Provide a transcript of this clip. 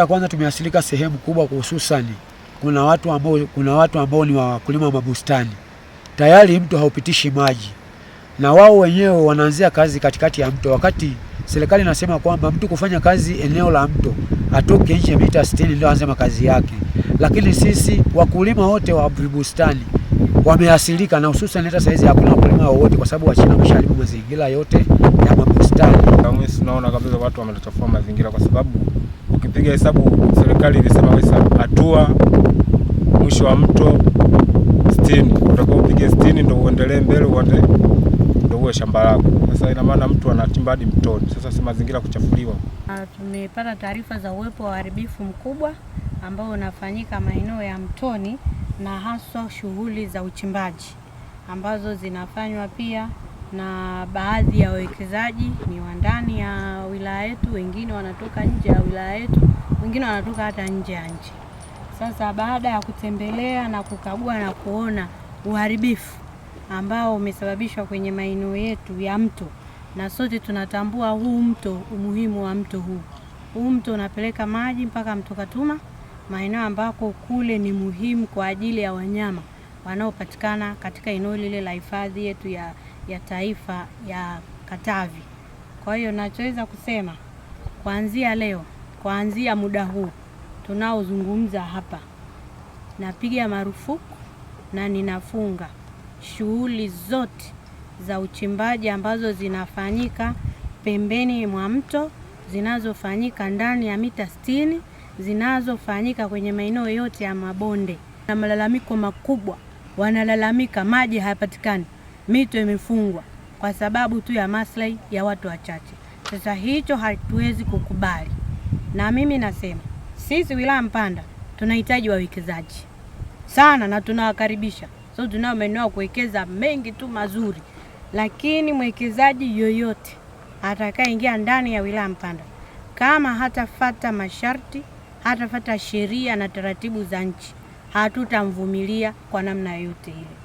Ya kwanza tumeasilika sehemu kubwa hususani, kuna watu ambao kuna watu ambao ni wakulima wa mabustani, tayari mto haupitishi maji na wao wenyewe wanaanzia kazi katikati ya mto, wakati serikali inasema kwamba mtu kufanya kazi eneo la mto atoke nje ya mita 60 ndio aanze makazi yake. Lakini sisi wakulima wote wa bustani wameasilika, na hususan hata saizi hakuna wakulima wowote, kwa sababu Wachina wamesharibu mazingira yote ya mabustani tunaona kabisa watu wamechafua mazingira, kwa sababu ukipiga hesabu, serikali ilisema hatua mwisho wa mto sitini, utakuwa upige sitini ndio uendelee mbele uende ndio uwe shamba lako. Sasa ina maana mtu anachimba hadi mtoni, sasa si mazingira kuchafuliwa. Ah, tumepata taarifa za uwepo wa uharibifu mkubwa ambao unafanyika maeneo ya mtoni na haswa shughuli za uchimbaji ambazo zinafanywa pia na baadhi ya wawekezaji ni wa ndani ya wilaya yetu, wengine wanatoka nje ya wilaya yetu, wengine wanatoka hata nje ya nchi. Sasa baada ya kutembelea na kukagua na kuona uharibifu ambao umesababishwa kwenye maeneo yetu ya mto, na sote tunatambua huu mto, umuhimu wa mto huu. Huu mto unapeleka maji mpaka mto Katuma, maeneo ambako kule ni muhimu kwa ajili ya wanyama wanaopatikana katika eneo lile la hifadhi yetu ya ya taifa ya Katavi. Kwa hiyo nachoweza kusema kuanzia leo, kuanzia muda huu tunaozungumza hapa, napiga marufuku na ninafunga shughuli zote za uchimbaji ambazo zinafanyika pembeni mwa mto, zinazofanyika ndani ya mita sitini, zinazofanyika kwenye maeneo yote ya mabonde. Na malalamiko makubwa, wanalalamika maji hayapatikani mito imefungwa kwa sababu tu ya maslahi ya watu wachache. Sasa hicho hatuwezi kukubali, na mimi nasema sisi wilaya Mpanda tunahitaji wawekezaji sana na tunawakaribisha. So tunao maeneo kuwekeza mengi tu mazuri, lakini mwekezaji yoyote atakayeingia ndani ya wilaya Mpanda kama hatafata masharti, hatafata sheria na taratibu za nchi, hatutamvumilia kwa namna yoyote ile.